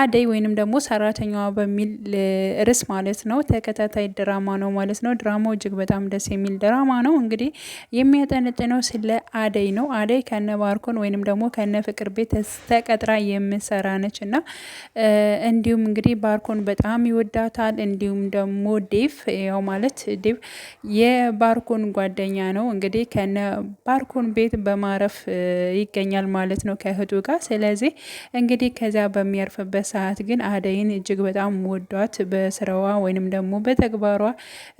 አደይ ወይንም ደግሞ ሰራተኛዋ በሚል ርዕስ ማለት ነው። ተከታታይ ድራማ ነው ማለት ነው። ድራማው እጅግ በጣም ደስ የሚል ድራማ ነው። እንግዲህ የሚያጠነጥነው ስለ አደይ ነው። አደይ ከነ ባርኮን ወይንም ደግሞ ከነ ፍቅር ቤት ተቀጥራ የምሰራ ነች እና እንዲሁም እንግዲህ ባርኮን በጣም ይወዳታል። እንዲሁም ደግሞ ዴቭ ያው ማለት ዴቭ የባርኮን ጓደኛ ነው። እንግዲህ ከነ ባርኮን ቤት በማረፍ ይገኛል ማለት ነው ከእህቱ ጋር። ስለዚህ እንግዲህ ከዚያ በሚያርፍ በሚያርፍበት ሰዓት ግን አደይን እጅግ በጣም ወዷት በስራዋ ወይንም ደግሞ በተግባሯ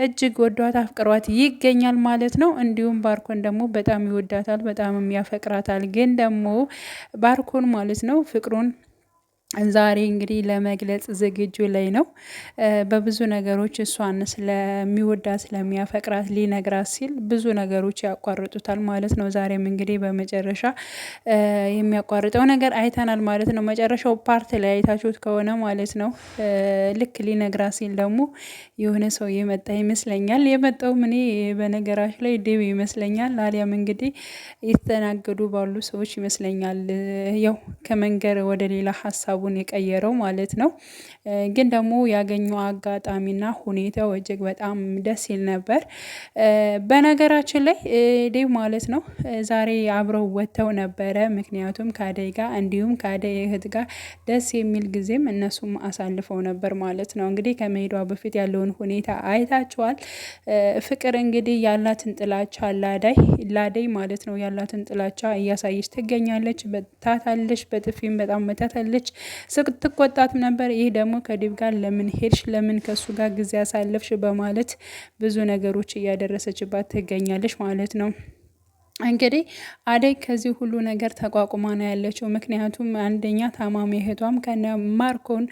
እጅግ ወዷት አፍቅሯት ይገኛል ማለት ነው። እንዲሁም ባርኮን ደግሞ በጣም ይወዳታል፣ በጣም ያፈቅራታል። ግን ደግሞ ባርኮን ማለት ነው ፍቅሩን ዛሬ እንግዲህ ለመግለጽ ዝግጁ ላይ ነው። በብዙ ነገሮች እሷን ስለሚወዳት ስለሚያፈቅራት ሊነግራት ሲል ብዙ ነገሮች ያቋርጡታል ማለት ነው። ዛሬም እንግዲህ በመጨረሻ የሚያቋርጠው ነገር አይተናል ማለት ነው። መጨረሻው ፓርት ላይ አይታችሁት ከሆነ ማለት ነው። ልክ ሊነግራት ሲል ደግሞ የሆነ ሰው የመጣ ይመስለኛል። የመጣውም እኔ በነገራች ላይ ድብ ይመስለኛል። አሊያም እንግዲህ የተናገዱ ባሉ ሰዎች ይመስለኛል። ያው ከመንገር ወደ ሌላ ሀሳቡ ሀሳቡን የቀየረው ማለት ነው። ግን ደግሞ ያገኘው አጋጣሚና ሁኔታው እጅግ በጣም ደስ ይል ነበር። በነገራችን ላይ ዴቭ ማለት ነው ዛሬ አብረው ወጥተው ነበረ። ምክንያቱም ከአደይ ጋር እንዲሁም ከአደይ እህት ጋር ደስ የሚል ጊዜም እነሱም አሳልፈው ነበር ማለት ነው። እንግዲህ ከመሄዷ በፊት ያለውን ሁኔታ አይታችኋል። ፍቅር እንግዲህ ያላትን ጥላቻ ላዳይ ላደይ ማለት ነው ያላትን ጥላቻ እያሳየች ትገኛለች። በታታለች፣ በጥፊም በጣም መታታለች። ስትቆጣትም ነበር። ይህ ደግሞ ከዲብ ጋር ለምን ሄድሽ፣ ለምን ከሱ ጋር ጊዜ አሳለፍሽ በማለት ብዙ ነገሮች እያደረሰችባት ትገኛለች ማለት ነው። እንግዲህ አደይ ከዚህ ሁሉ ነገር ተቋቁማ ነው ያለችው። ምክንያቱም አንደኛ ታማሚ እህቷም ከነ ማርኮን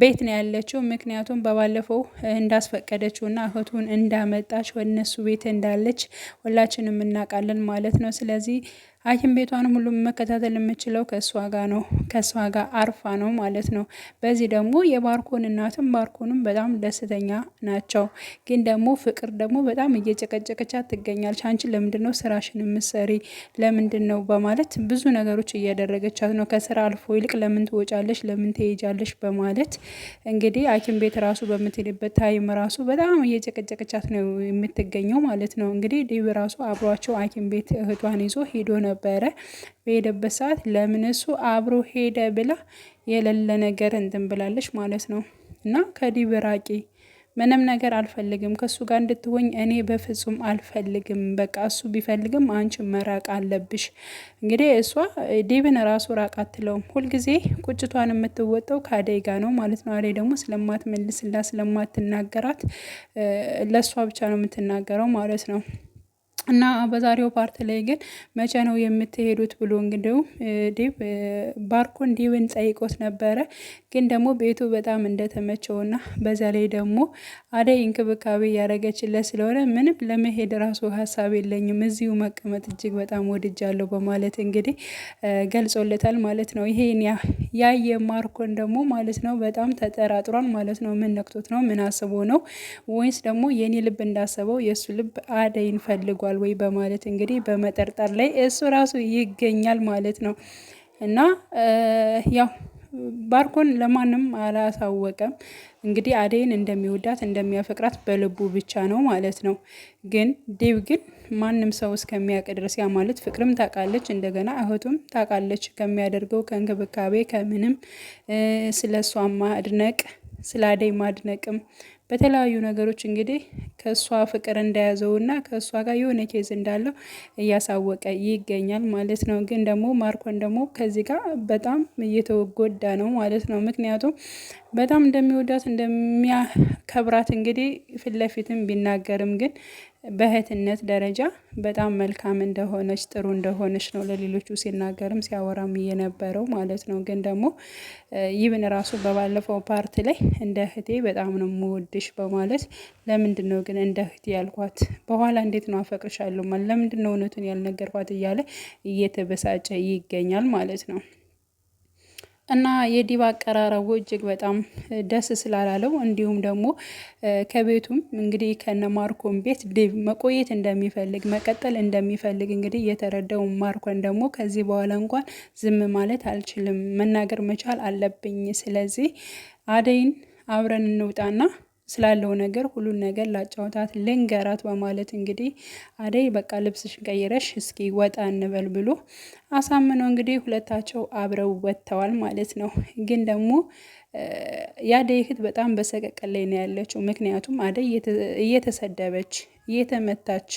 ቤት ነው ያለችው። ምክንያቱም በባለፈው እንዳስፈቀደችውና እህቱን እንዳመጣች ወነሱ ቤት እንዳለች ሁላችንም እናውቃለን ማለት ነው። ስለዚህ ሐኪም ቤቷን ሁሉም መከታተል የምችለው ከእሷ ጋር ነው፣ ከእሷ ጋር አርፋ ነው ማለት ነው። በዚህ ደግሞ የባርኮን እናትም ባርኮንም በጣም ደስተኛ ናቸው። ግን ደግሞ ፍቅር ደግሞ በጣም እየጨቀጨቀቻት ትገኛለች። አንቺ ለምንድን ነው ስራሽን የምትሰሪ ለምንድን ነው በማለት ብዙ ነገሮች እያደረገቻት ነው። ከስራ አልፎ ይልቅ ለምን ትወጫለሽ፣ ለምን ትሄጃለሽ በማለት እንግዲህ ሐኪም ቤት ራሱ በምትሄድበት ታይም ራሱ በጣም እየጨቀጨቀቻት ነው የምትገኘው ማለት ነው። እንግዲህ ዲብ ራሱ አብሯቸው ሐኪም ቤት እህቷን ይዞ ሄዶ ነበር ነበረ። በሄደበት ሰዓት ለምን እሱ አብሮ ሄደ ብላ የሌለ ነገር እንትን ብላለች ማለት ነው። እና ከዲብ ራቂ፣ ምንም ነገር አልፈልግም ከእሱ ጋር እንድትሆኝ እኔ በፍጹም አልፈልግም። በቃ እሱ ቢፈልግም አንቺ መራቅ አለብሽ። እንግዲህ እሷ ዲብን ራሱ ራቅ አትለውም። ሁልጊዜ ቁጭቷን የምትወጣው ከአደይ ጋ ነው ማለት ነው። አደይ ደግሞ ስለማትመልስላት ስለማትናገራት ለእሷ ብቻ ነው የምትናገረው ማለት ነው። እና በዛሬው ፓርት ላይ ግን መቼ ነው የምትሄዱት ብሎ እንግዲህ ዲብ ባርኮን ዲብን ጠይቆት ነበረ። ግን ደግሞ ቤቱ በጣም እንደተመቸው እና በዛ ላይ ደግሞ አደይ እንክብካቤ እያደረገችለት ስለሆነ ምንም ለመሄድ ራሱ ሀሳብ የለኝም እዚሁ መቀመጥ እጅግ በጣም ወድጃለሁ በማለት እንግዲህ ገልጾለታል ማለት ነው። ይሄን ያየ ማርኮን ደግሞ ማለት ነው በጣም ተጠራጥሯል ማለት ነው። ምን ነክቶት ነው? ምን አስቦ ነው? ወይስ ደግሞ የኔ ልብ እንዳሰበው የእሱ ልብ አደይን ፈልጓል ያደርገዋል ወይ በማለት እንግዲህ በመጠርጠር ላይ እሱ ራሱ ይገኛል ማለት ነው። እና ያው ባርኮን ለማንም አላሳወቀም። እንግዲህ አደይን እንደሚወዳት እንደሚያፈቅራት በልቡ ብቻ ነው ማለት ነው። ግን ዴብ ግን ማንም ሰው እስከሚያውቅ ድረስ ያ ማለት ፍቅርም ታውቃለች፣ እንደገና እህቱም ታውቃለች። ከሚያደርገው ከእንክብካቤ ከምንም ስለ እሷ ማድነቅ ስለ አደይ ማድነቅም በተለያዩ ነገሮች እንግዲህ ከእሷ ፍቅር እንደያዘው እና ከእሷ ጋር የሆነ ኬዝ እንዳለው እያሳወቀ ይገኛል ማለት ነው። ግን ደግሞ ማርኮን ደግሞ ከዚህ ጋር በጣም እየተጎዳ ነው ማለት ነው። ምክንያቱም በጣም እንደሚወዳት እንደሚያከብራት እንግዲህ ፊት ለፊትም ቢናገርም ግን በእህትነት ደረጃ በጣም መልካም እንደሆነች ጥሩ እንደሆነች ነው ለሌሎቹ ሲናገርም ሲያወራም የነበረው ማለት ነው። ግን ደግሞ ይብን ራሱ በባለፈው ፓርት ላይ እንደ እህቴ በጣም ነው የምወድሽ በማለት ለምንድን ነው ግን እንደ እህቴ ያልኳት? በኋላ እንዴት ነው አፈቅርሻለሁ ለምንድን ነው እውነቱን ያልነገርኳት? እያለ እየተበሳጨ ይገኛል ማለት ነው። እና የዲባ አቀራረቡ እጅግ በጣም ደስ ስላላለው እንዲሁም ደግሞ ከቤቱም እንግዲህ ከነ ማርኮን ቤት መቆየት እንደሚፈልግ መቀጠል እንደሚፈልግ እንግዲህ የተረዳው ማርኮን ደግሞ ከዚህ በኋላ እንኳን ዝም ማለት አልችልም፣ መናገር መቻል አለብኝ። ስለዚህ አደይን አብረን እንውጣና ስላለው ነገር ሁሉን ነገር ላጫወታት ልንገራት በማለት እንግዲህ አደይ በቃ ልብስሽን ቀይረሽ እስኪ ወጣ እንበል ብሎ አሳምነው እንግዲህ ሁለታቸው አብረው ወጥተዋል ማለት ነው። ግን ደግሞ የአደይ እህት በጣም በሰቀቀል ላይ ነው ያለችው። ምክንያቱም አደይ እየተሰደበች እየተመታች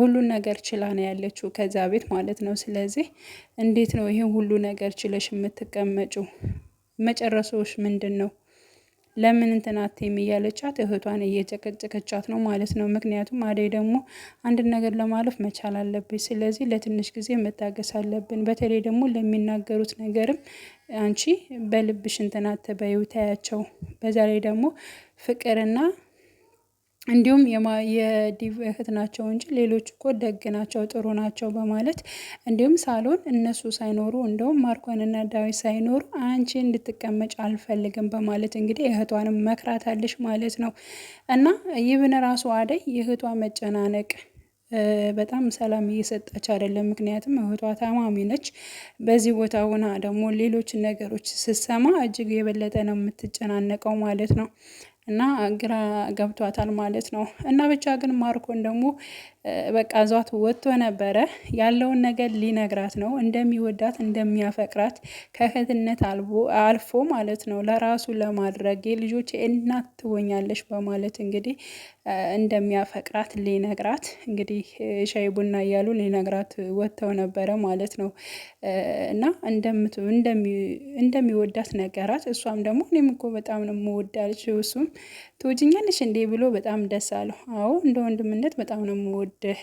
ሁሉን ነገር ችላ ነው ያለችው ከዛ ቤት ማለት ነው። ስለዚህ እንዴት ነው ይህን ሁሉ ነገር ችለሽ የምትቀመጩ? መጨረሶች ምንድን ነው? ለምን እንትን አትይም እያለቻት እህቷን እየጨቀጨቀቻት ነው ማለት ነው። ምክንያቱም አደይ ደግሞ አንድ ነገር ለማለፍ መቻል አለብሽ፣ ስለዚህ ለትንሽ ጊዜ መታገስ አለብን። በተለይ ደግሞ ለሚናገሩት ነገርም አንቺ በልብሽ እንትን አትበይው፣ ታያቸው። በዛ ላይ ደግሞ ፍቅርና እንዲሁም የዲቭ እህት ናቸው እንጂ ሌሎች እኮ ደግ ናቸው ጥሩ ናቸው በማለት እንዲሁም ሳሎን እነሱ ሳይኖሩ እንደውም ማርኮንና ዳዊት ሳይኖሩ አንቺ እንድትቀመጭ አልፈልግም በማለት እንግዲህ እህቷንም መክራታለች ማለት ነው። እና ይብን ራሱ አደይ የእህቷ መጨናነቅ በጣም ሰላም እየሰጠች አይደለም። ምክንያቱም እህቷ ታማሚ ነች። በዚህ ቦታ ሆና ደግሞ ሌሎች ነገሮች ስትሰማ እጅግ የበለጠ ነው የምትጨናነቀው ማለት ነው። እና ግራ ገብቷታል ማለት ነው። እና ብቻ ግን ማርኮን ደግሞ በቃ ዟት ወጥቶ ነበረ። ያለውን ነገር ሊነግራት ነው እንደሚወዳት እንደሚያፈቅራት ከእህትነት አልፎ ማለት ነው ለራሱ ለማድረግ የልጆች እናት ትወኛለች በማለት እንግዲህ እንደሚያፈቅራት ሊነግራት እንግዲህ ሻይ ቡና እያሉ ሊነግራት ወጥተው ነበረ ማለት ነው። እና እንደሚወዳት ነገራት። እሷም ደግሞ እኔም እኮ በጣም ነው የምወዳልች እሱም ትውጅኛለች እንዴ ብሎ በጣም ደስ አለው። አዎ እንደ ወንድምነት በጣም ነው የምወዳ የምወድህ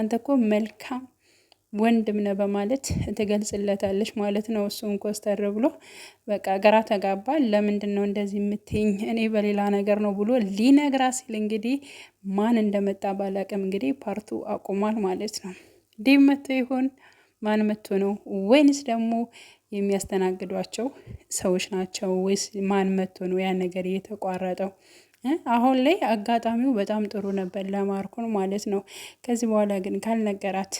አንተ እኮ መልካም ወንድም ነህ በማለት ትገልጽለታለች ማለት ነው። እሱን ኮስተር ብሎ በቃ ግራ ተጋባ። ለምንድን ነው እንደዚህ የምትይኝ? እኔ በሌላ ነገር ነው ብሎ ሊነግራ ሲል እንግዲህ ማን እንደመጣ ባላቅም እንግዲህ ፓርቱ አቁሟል ማለት ነው። ዴቭ መቶ ይሆን ማን መቶ ነው ወይንስ ደግሞ የሚያስተናግዷቸው ሰዎች ናቸው? ወይስ ማን መቶ ነው ያን ነገር የተቋረጠው? አሁን ላይ አጋጣሚው በጣም ጥሩ ነበር ለማርኮን ማለት ነው። ከዚህ በኋላ ግን ካልነገራት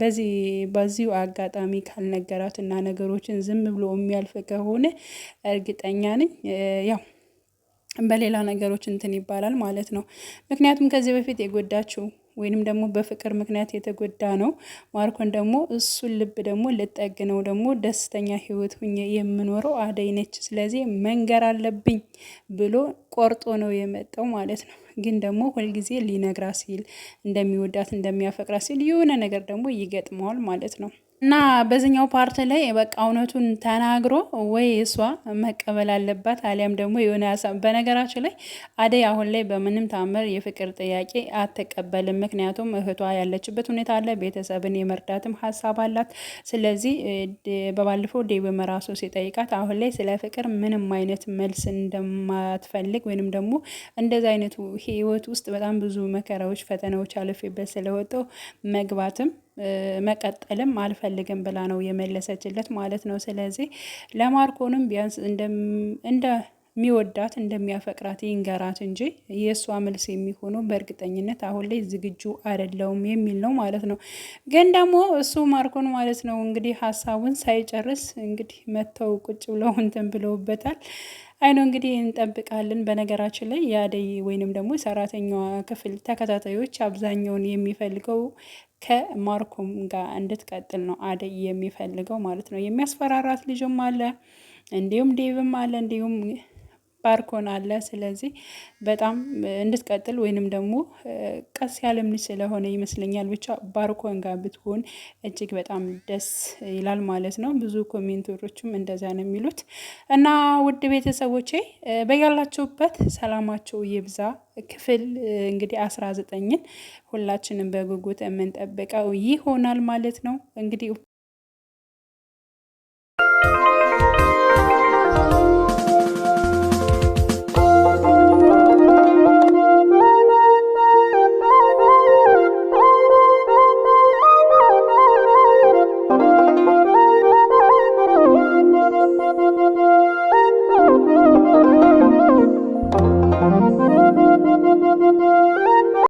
በዚህ በዚሁ አጋጣሚ ካልነገራት እና ነገሮችን ዝም ብሎ የሚያልፍ ከሆነ እርግጠኛ ነኝ ያው በሌላ ነገሮች እንትን ይባላል ማለት ነው። ምክንያቱም ከዚህ በፊት የጎዳችው ወይንም ደግሞ በፍቅር ምክንያት የተጎዳ ነው። ማርኮን ደግሞ እሱን ልብ ደግሞ ልጠግ ነው ደግሞ ደስተኛ ህይወት ሁኜ የምኖረው አደይ ነች፣ ስለዚህ መንገር አለብኝ ብሎ ቆርጦ ነው የመጣው ማለት ነው። ግን ደግሞ ሁልጊዜ ሊነግራ ሲል እንደሚወዳት እንደሚያፈቅራ ሲል የሆነ ነገር ደግሞ ይገጥመዋል ማለት ነው። እና በዚኛው ፓርት ላይ በቃ እውነቱን ተናግሮ ወይ እሷ መቀበል አለባት አሊያም ደግሞ የሆነ ያሳ በነገራችን ላይ አደይ አሁን ላይ በምንም ታምር የፍቅር ጥያቄ አትቀበልም። ምክንያቱም እህቷ ያለችበት ሁኔታ አለ፣ ቤተሰብን የመርዳትም ሀሳብ አላት። ስለዚህ በባለፈው ዴብም ራሱ ሲጠይቃት አሁን ላይ ስለ ፍቅር ምንም አይነት መልስ እንደማትፈልግ ወይንም ደግሞ እንደዚ አይነቱ ህይወት ውስጥ በጣም ብዙ መከራዎች፣ ፈተናዎች አልፌበት ስለወጠው መግባትም መቀጠልም አልፈልግም ብላ ነው የመለሰችለት ማለት ነው። ስለዚህ ለማርኮንም ቢያንስ እንደሚወዳት እንደሚያፈቅራት ይንገራት እንጂ የእሷ መልስ የሚሆነው በእርግጠኝነት አሁን ላይ ዝግጁ አይደለውም የሚል ነው ማለት ነው። ግን ደግሞ እሱ ማርኮን ማለት ነው እንግዲህ ሀሳቡን ሳይጨርስ እንግዲህ መተው ቁጭ ብለው እንትን ብለውበታል። አይኖ እንግዲህ እንጠብቃለን። በነገራችን ላይ የአደይ ወይንም ደግሞ ሰራተኛዋ ክፍል ተከታታዮች አብዛኛውን የሚፈልገው ከማርኮም ጋር እንድትቀጥል ነው አደይ የሚፈልገው ማለት ነው። የሚያስፈራራት ልጅም አለ እንዲሁም ዴቭም አለ እንዲሁም ባርኮን አለ። ስለዚህ በጣም እንድትቀጥል ወይንም ደግሞ ቀስ ያለም ስለሆነ ይመስለኛል ብቻ ባርኮን ጋር ብትሆን እጅግ በጣም ደስ ይላል ማለት ነው። ብዙ ኮሜንቶሮችም እንደዚያ ነው የሚሉት እና ውድ ቤተሰቦቼ በያላችሁበት ሰላማቸው ይብዛ። ክፍል እንግዲህ አስራ ዘጠኝን ሁላችንም በጉጉት የምንጠብቀው ይሆናል ማለት ነው እንግዲህ